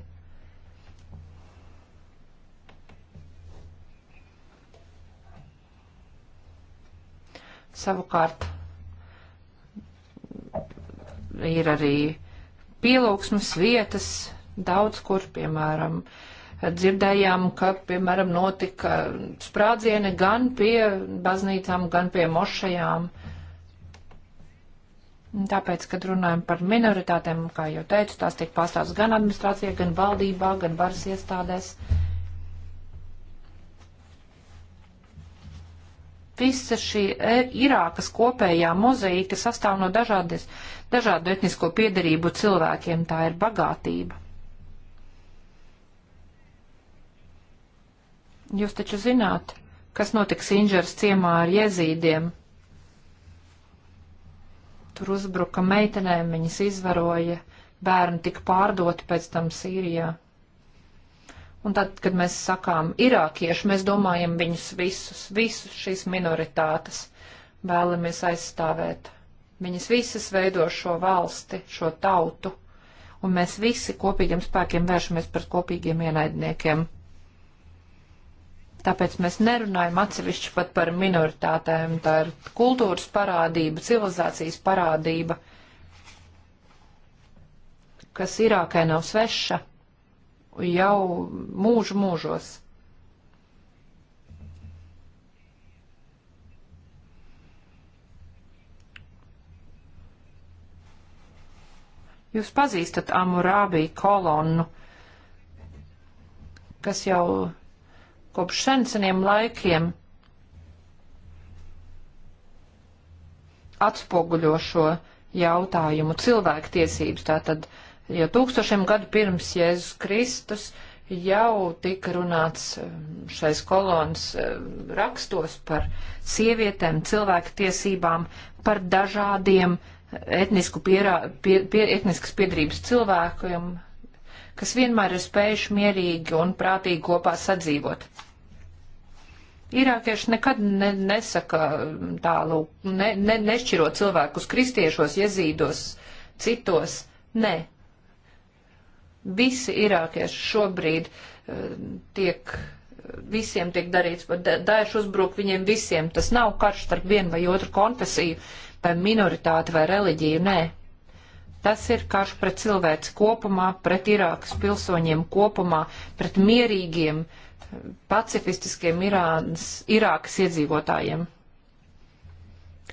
Speaker 3: Savukārt ir arī pielūgsmes vietas, Daudz kur, piemēram, dzirdējām, ka, piemēram, notika sprādzieni gan pie baznīcām, gan pie mošajām. Tāpēc, kad runājam par minoritātēm, kā jau teicu, tās tiek pārstāvs gan administrācijā, gan valdībā, gan varas iestādēs. visa šī e, Irākas kopējā mozaīka sastāv no dažādas, dažādu etnisko piedarību cilvēkiem. Tā ir bagātība. Jūs taču zināt, kas notiks Inžers ciemā ar jezīdiem. Tur uzbruka meitenēm, viņas izvaroja, bērni tika pārdoti pēc tam Sīrijā. Un tad, kad mēs sakām irākieši, mēs domājam viņus visus, visus šīs minoritātes vēlamies aizstāvēt. Viņas visas veido šo valsti, šo tautu, un mēs visi kopīgiem spēkiem vēršamies pret kopīgiem ienaidniekiem. Tāpēc mēs nerunājam atsevišķi pat par minoritātēm. Tā ir kultūras parādība, civilizācijas parādība, kas Irākai nav sveša jau mūžu mūžos. Jūs pazīstat Amurābī kolonnu, kas jau kopš senseniem laikiem atspoguļo šo jautājumu cilvēktiesības. Tātad jau tūkstošiem gadu pirms Jēzus Kristus jau tika runāts um, šais kolonas um, rakstos par sievietēm, cilvēktiesībām, par dažādiem etnisku pierā, pie, pie, etniskas piedrības cilvēkiem, kas vienmēr ir spējuši mierīgi un prātīgi kopā sadzīvot. Irākieši nekad ne, nesaka tālu, ne, ne, nešķiro cilvēkus kristiešos, jezīdos, citos. Nē. Visi irākieši šobrīd uh, tiek visiem tiek darīts, bet daļš uzbruk viņiem visiem. Tas nav karš starp vienu vai otru konfesiju, vai minoritāti, vai reliģiju, nē. Tas ir karš pret cilvēci kopumā, pret Irākas pilsoņiem kopumā, pret mierīgiem pacifistiskiem Irānas, Irākas iedzīvotājiem.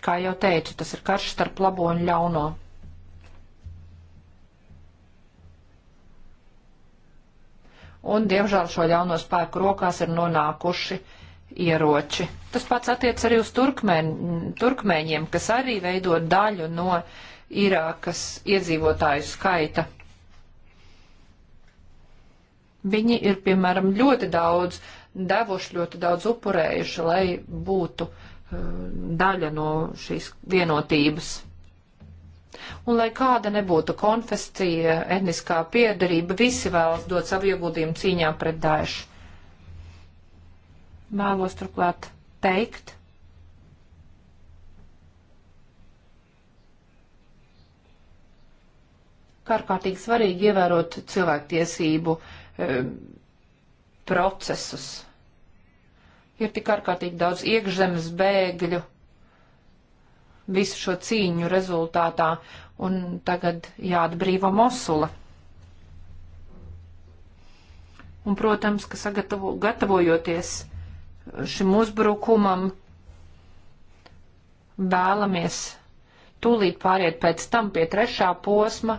Speaker 3: Kā jau teicu, tas ir karš starp labo un ļauno. Un, diemžēl, šo ļauno spēku rokās ir nonākuši ieroči. Tas pats attiec arī uz turkmēn, turkmēņiem, kas arī veido daļu no Irākas iedzīvotāju skaita. Viņi ir, piemēram, ļoti daudz devuši, ļoti daudz upurējuši, lai būtu uh, daļa no šīs vienotības. Un lai kāda nebūtu konfesija, etniskā piedarība, visi vēlas dot savu ieguldījumu cīņā pret daišu. Vēlos turklāt teikt, kā ārkārtīgi svarīgi ievērot cilvēktiesību uh, Um, procesus. Ir tik ārkārtīgi daudz iekšzemes bēgļu visu šo cīņu rezultātā, un tagad jāatbrīvo Mosula. Un, protams, ka sagatavo, gatavojoties šim uzbrukumam, vēlamies tūlīt pāriet pēc tam pie trešā posma,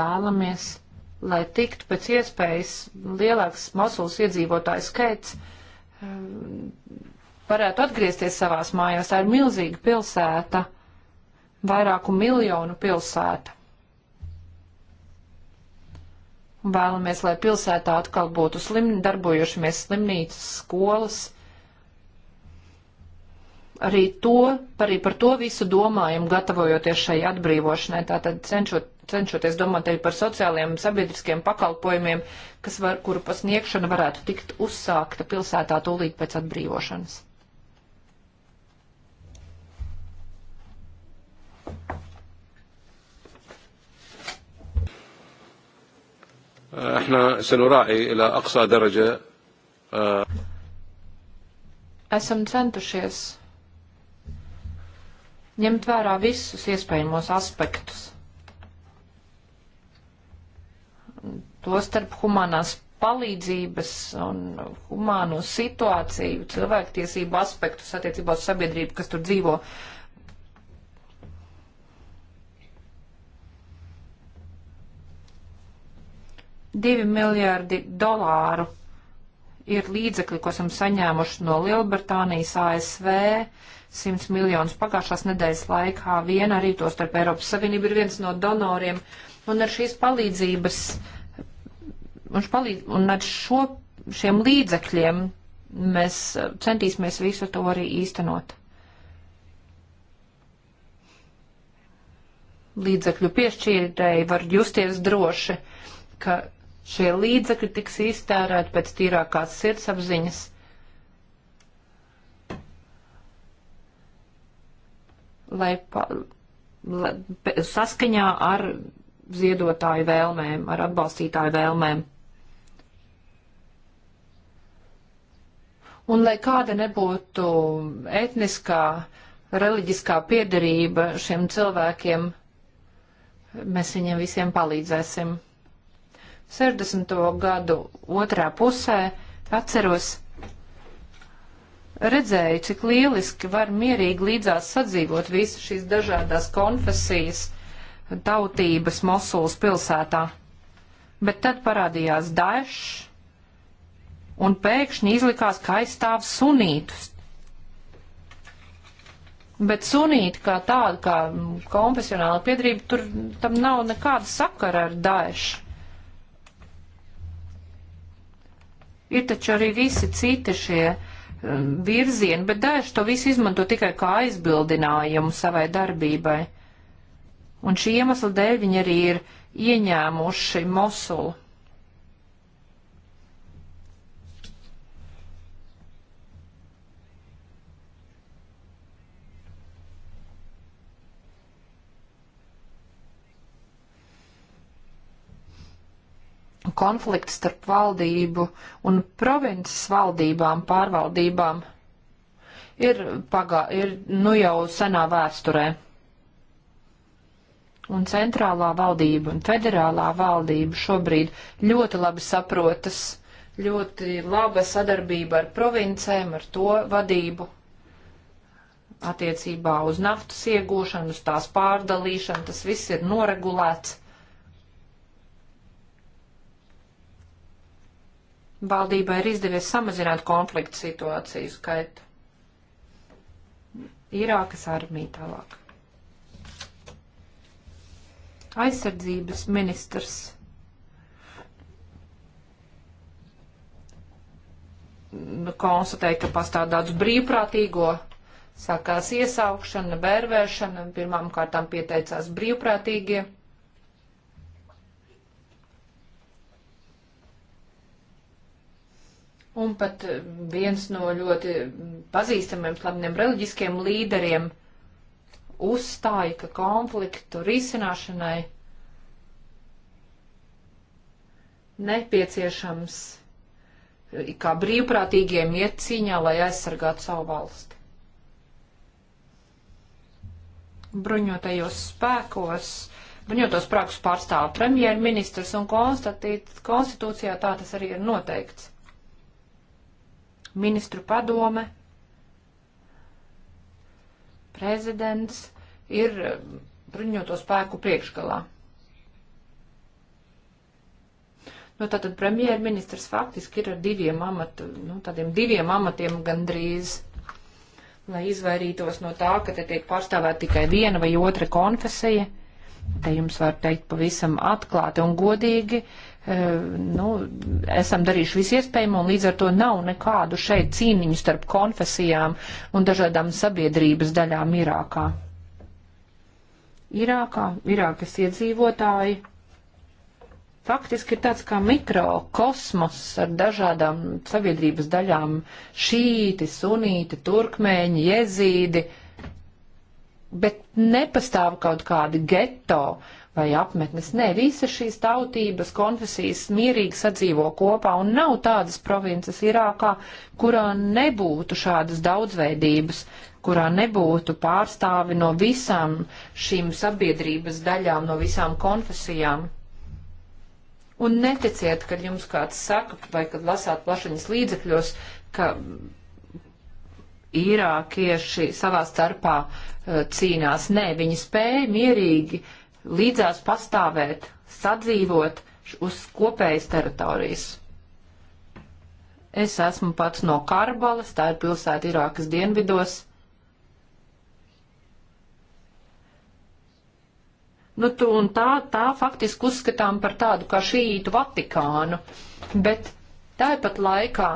Speaker 3: vēlamies lai tiktu pēc iespējas lielāks Mosulas iedzīvotāju skaits, um, varētu atgriezties savās mājās. Tā ir milzīga pilsēta, vairāku miljonu pilsēta. Vēlamies, lai pilsētā atkal būtu slim, darbojušamies slimnīcas, skolas. Arī, to, arī par to visu domājam, gatavojoties šai atbrīvošanai, tātad cenšot, cenšoties domāt arī par sociāliem sabiedriskiem pakalpojumiem, kas var, kuru pasniegšana varētu tikt uzsākta pilsētā tūlīt pēc atbrīvošanas.
Speaker 1: احنا سنراعي الى اقصى درجه
Speaker 3: esam centušies ņemt vērā visus iespējamos aspektus. tostarp humanās palīdzības un humānu situāciju, cilvēktiesību aspektus attiecībā uz sabiedrību, kas tur dzīvo. Divi miljārdi dolāru ir līdzekļi, ko esam saņēmuši no Lielbritānijas, ASV, 100 miljonus pagājušās nedēļas laikā, viena arī to starp Eiropas Savienību ir viens no donoriem, un ar šīs palīdzības uh, un, palīdz, un ar šo, šiem līdzekļiem mēs eh, centīsimies visu to arī īstenot. Līdzekļu piešķīrēji var justies droši, ka šie līdzekļi tiks iztērēti pēc tīrākās sirdsapziņas. Lai, pa, lai saskaņā ar ziedotāju vēlmēm, ar atbalstītāju vēlmēm. Un lai kāda nebūtu etniskā, reliģiskā piederība šiem cilvēkiem, mēs viņiem visiem palīdzēsim. 60. gadu otrā pusē atceros, redzēju, cik lieliski var mierīgi līdzās sadzīvot visas šīs dažādās konfesijas, tautības Mosulas pilsētā. Bet tad parādījās Daešs, un pēkšņi izlikās, ka aizstāv sunītus. Bet sunīti kā tāda, kā konfesionāla piedrība, tur tam nav nekāda sakara ar daešu. Ir taču arī visi citi šie um, virzieni, bet daeši to visu izmanto tikai kā aizbildinājumu savai darbībai. Un šī iemesla dēļ viņi arī ir ieņēmuši Mosulu. konflikts starp valdību un provinces valdībām, pārvaldībām ir, pagā, ir nu jau senā vēsturē. Un centrālā valdība un federālā valdība šobrīd ļoti labi saprotas, ļoti laba sadarbība ar provincēm, ar to vadību attiecībā uz naftas iegūšanu, uz tās pārdalīšanu, tas viss ir noregulēts valdībai ir izdevies samazināt konfliktu situāciju skaitu. Irākas armija tālāk. Aizsardzības ministrs. Nu, konstatēja, ka pastāv daudz brīvprātīgo, sākās iesaukšana, bērvēšana, pirmām kārtām pieteicās brīvprātīgie Un pat viens no ļoti pazīstamiem slaveniem reliģiskiem līderiem uzstāja, ka konfliktu risināšanai nepieciešams kā brīvprātīgiem iet cīņā, lai aizsargātu savu valsti. Bruņotajos spēkos, bruņotos spēkus pārstāv premjerministrs un konstatīt, konstitūcijā tā tas arī ir noteikts ministru padome, prezidents ir eh, bruņoto spēku priekšgalā. Nu, tātad premjerministrs faktiski ir ar diviem, amatu, nu, diviem amatiem gandrīz, lai izvairītos no tā, ka te tiek pārstāvēta tikai viena vai otra konfesija. Te jums var teikt pavisam atklāti un godīgi, uh, Eh, nu, esam darījuši visu iespējamo, un līdz ar to nav nekādu šeit cīniņu starp konfesijām un dažādām sabiedrības daļām Irākā. Irākā, Irākas iedzīvotāji faktiski ir tāds kā mikrokosmos ar dažādām sabiedrības daļām - šīti, sunīti, turkmēņi, jezīdi, bet nepastāv kaut kādi geto, uh, vai apmetnes. Nē, visas šīs tautības, konfesijas mierīgi sadzīvo kopā un nav tādas provinces Irākā, kurā nebūtu šādas daudzveidības, kurā nebūtu pārstāvi no visām šīm sabiedrības daļām, no visām konfesijām. Un neticiet, kad jums kāds saka, vai kad lasāt plašiņas līdzekļos, ka īrākieši savā starpā uh, cīnās. Nē, viņi spēja mierīgi uh, līdzās pastāvēt, sadzīvot uz kopējas teritorijas. Es esmu pats no Karbalas, tā ir pilsēta Irākas dienvidos. Nu, tu, un tā, tā faktiski uzskatām par tādu kā šītu Vatikānu, bet tāpat laikā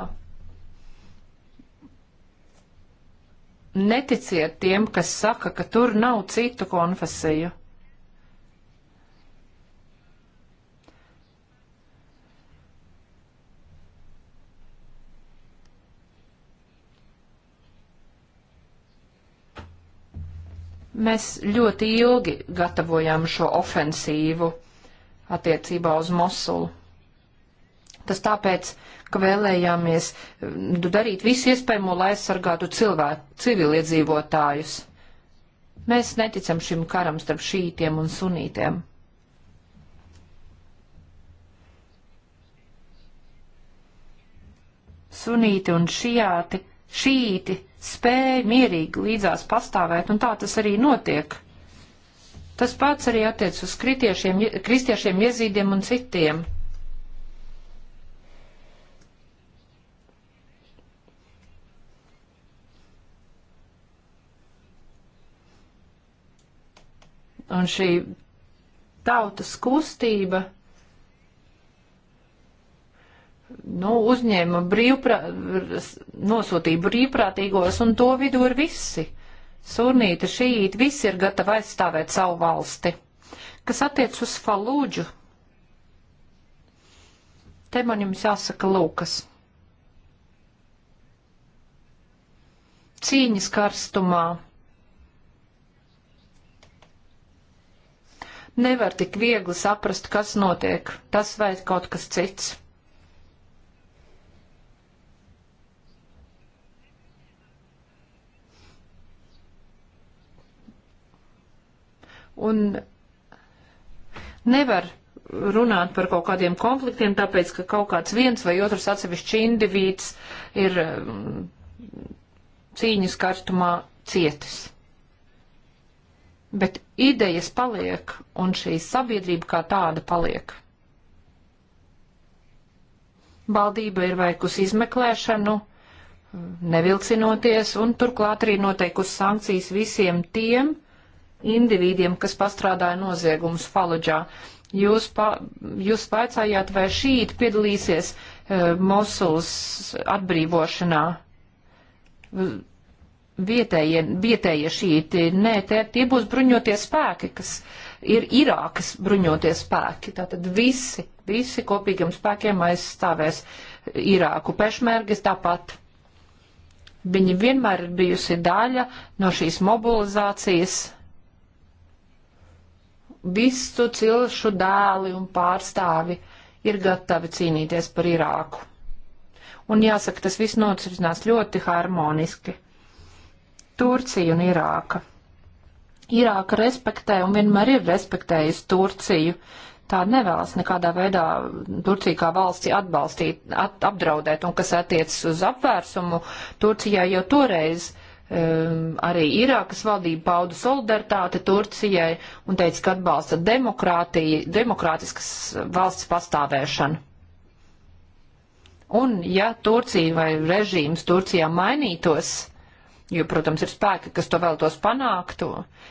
Speaker 3: neticiet tiem, kas saka, ka tur nav citu konfesiju. Mēs ļoti ilgi gatavojām šo ofensīvu attiecībā uz Mosulu. Tas tāpēc, ka vēlējāmies mm, nu, darīt visu iespējamo, lai aizsargātu cilvēku, civiliedzīvotājus. Mēs neticam šim karam starp šītiem un sunītiem. Sunīti un šijāti, šīti spēj mierīgi līdzās pastāvēt, un tā tas arī notiek. Tas pats arī attiec uz kritiešiem, kristiešiem, jezīdiem un citiem. Un šī tautas kustība nu, uzņēma brīvprā, nosūtīja brīvprātīgos, un to vidū ir visi. Sunīti, šīti, visi ir gatavi aizstāvēt savu valsti. Kas attiec uz Falūģu, te man jums jāsaka Lūkas. Cīņas karstumā. Nevar tik viegli saprast, kas notiek, tas vai kaut kas cits. Un nevar runāt par kaut kādiem konfliktiem, tāpēc, ka kaut kāds viens vai otrs atsevišķi individs ir um, cīņas karstumā cietis. Bet idejas paliek, un šī sabiedrība kā tāda paliek. Baldība ir veikusi izmeklēšanu, nevilcinoties, un turklāt arī noteikusi sankcijas visiem tiem, indivīdiem, kas pastrādāja noziegumus Faludžā. Jūs, pa, jūs vaicājāt, vai šīti piedalīsies e, Mosuls atbrīvošanā. Vietējie, vietējie šīti, nē, tie, tie būs bruņotie spēki, kas ir Irākas bruņotie spēki. Tātad visi, visi kopīgiem spēkiem aizstāvēs Irāku pešmērgis tāpat. Viņa vienmēr ir bijusi daļa no šīs mobilizācijas visu cilšu dēli un pārstāvi ir gatavi cīnīties par Irāku. Un jāsaka, tas viss notrinās ļoti harmoniski. Turcija un Irāka. Irāka respektē un vienmēr ir respektējusi Turciju. Tā nevēlas nekādā veidā Turciju kā valsti atbalstīt, at, apdraudēt, un kas attiecas uz apvērsumu, Turcijā jau toreiz uh, Um, arī Irākas valdība pauda solidaritāti Turcijai un teica, ka atbalsta demokrātiskas valsts pastāvēšanu. Un ja Turcija vai režīms Turcijā mainītos, jo, protams, ir spēki, kas to vēltos panāktu,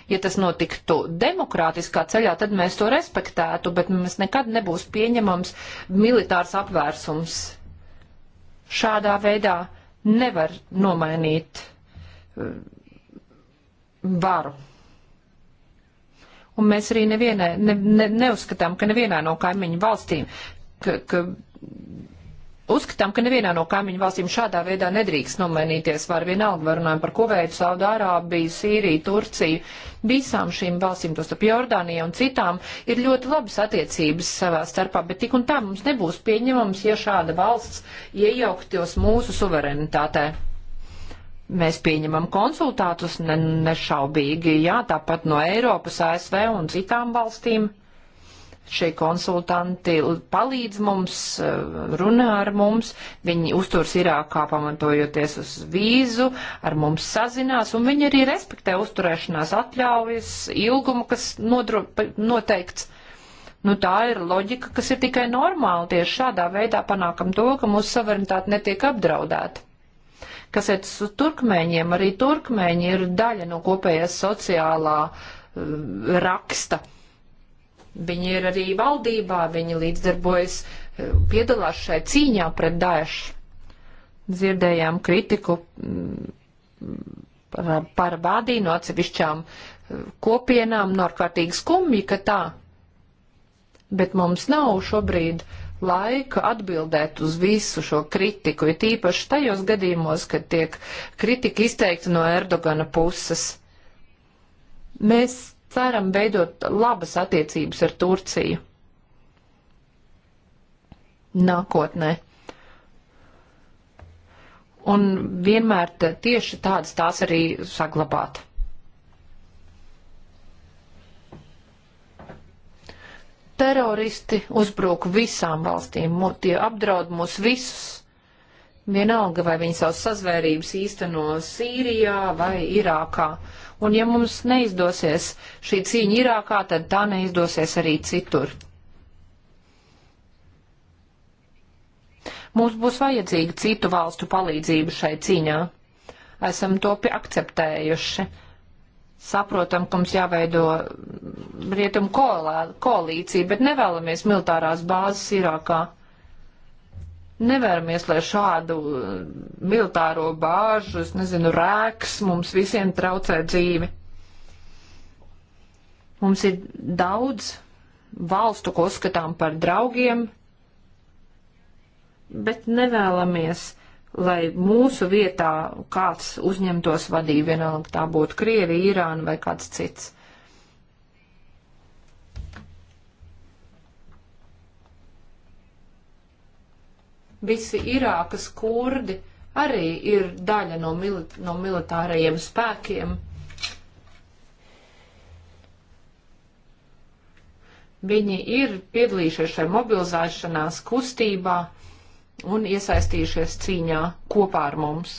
Speaker 3: ja tas notiktu demokrātiskā ceļā, tad mēs to respektētu, bet mums nekad nebūs pieņemams militārs apvērsums. Šādā veidā nevar nomainīt varu. Un mēs arī nevienai, ne, ne, neuzskatām, ka nevienā no kaimiņu valstīm, ka, ka Uzskatām, ka nevienā no kaimiņu valstīm šādā veidā nedrīkst nomainīties var vienalga, vai runājam par Kuveitu, Saudārābiju, Sīriju, Turciju. Visām šīm valstīm, tostarp Jordānija un citām, ir ļoti labas attiecības savā starpā, bet tik un tā mums nebūs pieņemams, ja šāda valsts iejauktos mūsu suverenitātē. Mēs pieņemam konsultātus ne, nešaubīgi, jā, tāpat no Eiropas, ASV un citām valstīm. Šie konsultanti palīdz mums, eh, runā ar mums, viņi uzturs Irākā pamatojoties uz vīzu, ar mums sazinās, un viņi arī respektē uzturēšanās atļaujas ilgumu, kas nodro, noteikts. Nu, tā ir loģika, kas ir tikai normāla. Tieši šādā veidā panākam to, ka mūsu suverenitāte netiek apdraudēta kas iet uz turkmēņiem. Arī turkmēņi ir daļa no kopējās sociālā uh, raksta. Viņi ir arī valdībā, viņi līdzdarbojas, uh, piedalās šai cīņā pret Daešu. Dzirdējām kritiku mm, par, par bādī no atsevišķām eh, kopienām, no nu, ārkārtīgi skumji, ka tā. Bet mums nav šobrīd uh, laika atbildēt uz visu šo kritiku, ir tīpaši tajos gadījumos, kad tiek kritika izteikta no Erdogana puses. Mēs ceram veidot labas attiecības ar Turciju nākotnē. Un vienmēr tieši tādas tās arī saglabāt. teroristi uzbruk visām valstīm, tie apdraud mūs visus. Vienalga, vai viņi savus sazvērības īsteno Sīrijā vai Irākā. Un ja mums neizdosies šī cīņa Irākā, tad tā neizdosies arī citur. Mums būs vajadzīga citu valstu palīdzība šai cīņā. Esam to akceptējuši Saprotam, ka mums jāveido rietumu koalīcija, bet nevēlamies militārās bāzes Irākā. Nevēramies, lai šādu uh, militāro bāžu, es nezinu, rēks mums visiem traucē dzīvi. Mums ir daudz valstu, ko uzskatām par draugiem, bet nevēlamies lai mūsu vietā kāds uzņemtos vadību, vienalga tā būtu Krievija, Irāna vai kāds cits. Visi Irākas kurdi arī ir daļa no, mili no militārajiem spēkiem. Viņi ir piedalījušies šajā mobilizēšanās kustībā un iesaistījušies cīņā kopā ar mums.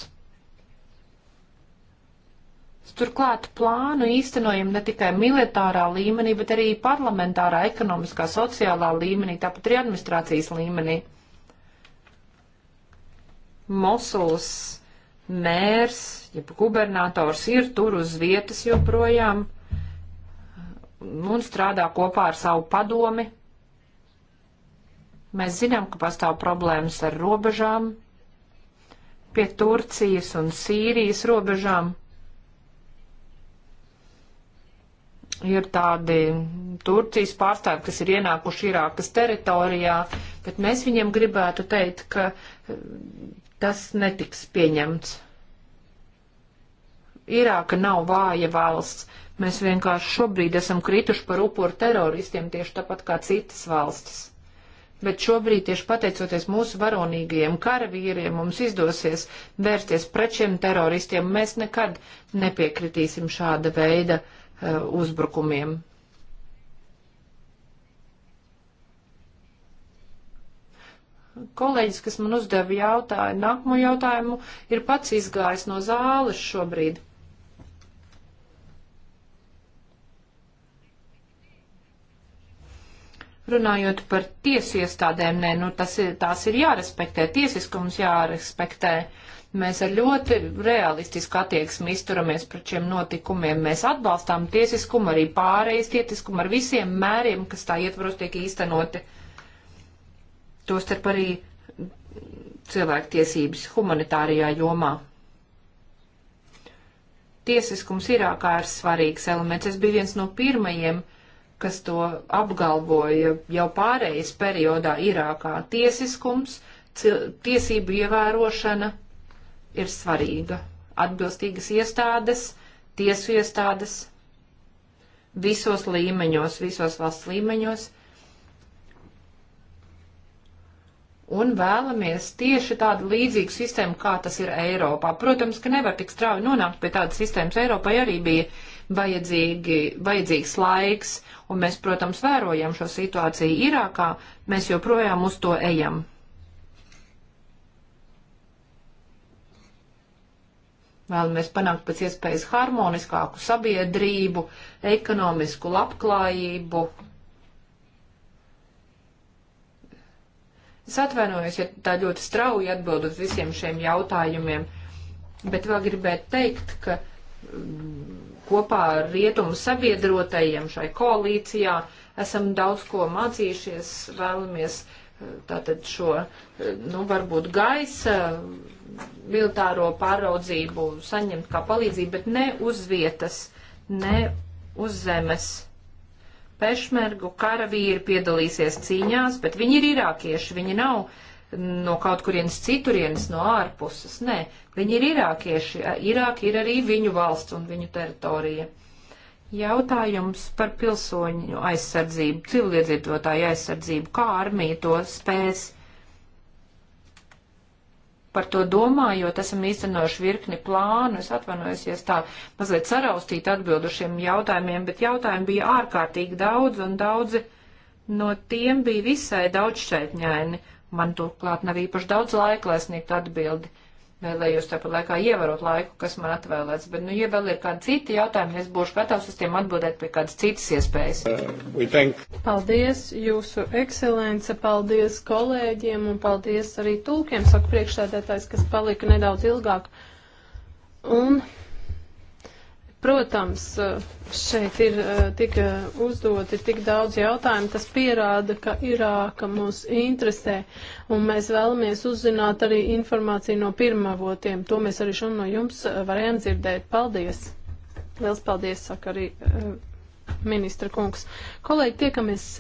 Speaker 3: Turklāt plānu īstenojam ne tikai militārā līmenī, bet arī parlamentārā, ekonomiskā, sociālā līmenī, tāpat arī administrācijas līmenī. Mosuls mērs, jeb gubernators ir tur uz vietas joprojām un strādā kopā ar savu padomi Mēs zinām, ka pastāv problēmas ar robežām, pie Turcijas un Sīrijas robežām. Ir tādi Turcijas pārstāvi, kas ir ienākuši Irākas teritorijā, bet mēs viņiem gribētu teikt, ka eh, tas netiks pieņemts. Irāka nav vāja valsts. Mēs vienkārši šobrīd esam krituši par upuru teroristiem tieši tāpat kā citas valstis bet šobrīd tieši pateicoties mūsu varonīgajiem karavīriem mums izdosies vērsties pret šiem teroristiem. Mēs nekad nepiekritīsim šāda veida uh, uzbrukumiem. Kolēģis, kas man uzdeva jautājumu, nākamo jautājumu, ir pats izgājis no zāles šobrīd. Runājot par tiesu iestādēm, nē, nu tas ir, tās ir jārespektē, tiesiskums jārespektē. Mēs ar ļoti realistisku attieksmi izturamies pret šiem notikumiem. Mēs atbalstām tiesiskumu, arī pārējais tiesiskumu ar visiem mēriem, kas tā ietvaros tiek īstenoti. Tostarp arī cilvēktiesības humanitārijā jomā. Tiesiskums Irākā ir svarīgs elements. Es biju viens no pirmajiem, uh, kas to apgalvoja jau pārējais periodā Irākā. Tiesiskums, tiesību ievērošana ir svarīga. Atbilstīgas iestādes, tiesu iestādes visos līmeņos, visos valsts līmeņos un vēlamies tieši tādu līdzīgu sistēmu, kā tas ir Eiropā. Protams, ka nevar tik strauji nonākt pie tādas sistēmas. Eiropai arī bija vajadzīgi, vajadzīgs laiks, un mēs, protams, vērojam šo situāciju Irākā, mēs joprojām uz to ejam. Vēlamies panākt pēc iespējas harmoniskāku sabiedrību, ekonomisku labklājību, Es atvainojos, ja tā ļoti strauji atbild uz visiem šiem jautājumiem, bet vēl gribētu teikt, ka mm, kopā ar rietumu sabiedrotajiem šai koalīcijā esam daudz ko mācījušies, vēlamies eh, tātad šo, eh, nu, varbūt gaisa militāro pāraudzību saņemt kā palīdzību, bet ne uz vietas, ne uz zemes pešmergu karavīri piedalīsies cīņās, bet viņi ir irākieši, viņi nav no kaut kurienes citurienes, no ārpuses, nē, viņi ir irākieši, Irāka ir arī viņu valsts un viņu teritorija. Jautājums par pilsoņu aizsardzību, civiliedzīvotāju aizsardzību, kā armija to spēs par to domājot, esam īstenojuši virkni plānu. Es atvainojos, ja tā mazliet saraustīt atbildu šiem jautājumiem, bet jautājumi bija ārkārtīgi daudz un daudzi no tiem bija visai daudz šķaitņaini. Man turklāt nav īpaši daudz laika, lai sniegtu atbildi. Vēlējos tāpat laikā ievarot laiku, kas man atvēlēts, bet, nu, ja vēl ir kādi citi jautājumi, es būšu gatavs uz tiem atbildēt pie kādas citas iespējas.
Speaker 2: Uh, paldies, jūsu ekscelence, paldies kolēģiem un paldies arī tulkiem, saka priekšsēdētājs, kas palika nedaudz ilgāk. Un Protams, eh, šeit ir eh, tik eh, uzdoti tik daudz jautājumu, tas pierāda, ka Irāka mūs interesē, un mēs vēlamies uzzināt arī informāciju no pirmavotiem. To mēs arī šodien no jums varējām dzirdēt. Paldies! Liels paldies, saka arī ministra kungs. Kolēģi, tiekamies!